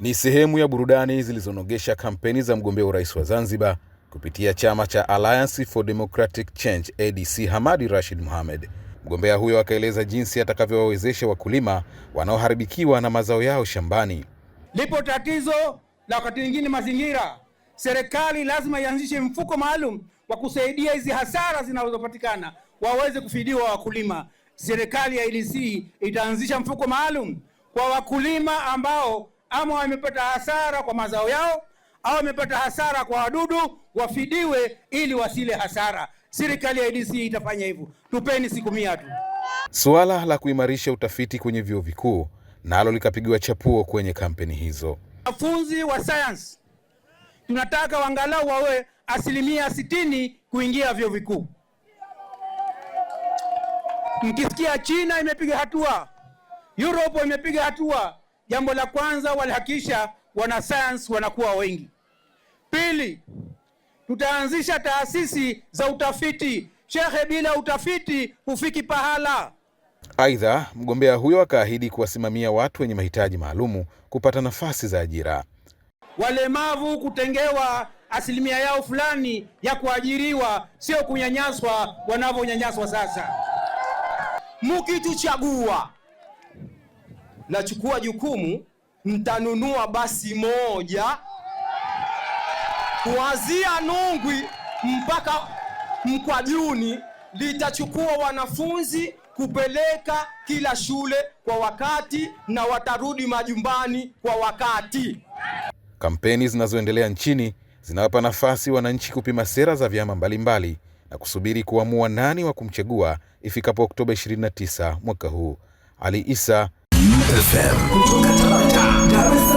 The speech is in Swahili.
Ni sehemu ya burudani zilizonogesha kampeni za mgombea urais wa Zanzibar kupitia chama cha Alliance for Democratic Change ADC Hamadi Rashid Mohamed. Mgombea huyo akaeleza jinsi atakavyowawezesha wakulima wanaoharibikiwa na mazao yao shambani. Lipo tatizo la wakati mwingine mazingira, serikali lazima ianzishe mfuko maalum wa kusaidia hizi hasara zinazopatikana waweze kufidiwa wakulima serikali ya LC itaanzisha mfuko maalum kwa wakulima ambao ama wamepata hasara kwa mazao yao au wamepata hasara kwa wadudu, wafidiwe ili wasile hasara. Serikali ya LC itafanya hivyo, tupeni siku mia tu. Suala la kuimarisha utafiti kwenye vyuo vikuu nalo likapigiwa chapuo kwenye kampeni hizo. Wanafunzi wa sayansi tunataka wangalau wawe asilimia sitini kuingia vyuo vikuu. Mkisikia China imepiga hatua, Europe imepiga hatua, jambo la kwanza walihakikisha science wanakuwa wengi. Pili, tutaanzisha taasisi za utafiti. shehe bila utafiti hufiki pahala. Aidha, mgombea huyo akaahidi kuwasimamia watu wenye mahitaji maalumu kupata nafasi za ajira, walemavu kutengewa asilimia yao fulani ya kuajiriwa, sio kunyanyaswa wanavyonyanyaswa sasa mukituchagua nachukua jukumu, mtanunua basi moja kuanzia Nungwi mpaka Mkwajuni, litachukua wanafunzi kupeleka kila shule kwa wakati na watarudi majumbani kwa wakati. Kampeni zinazoendelea nchini zinawapa nafasi wananchi kupima sera za vyama mbalimbali mbali na kusubiri kuamua nani wa kumchagua ifikapo Oktoba 29 mwaka huu. Ali Isa FM kutoka Tabata, Dar es Salaam.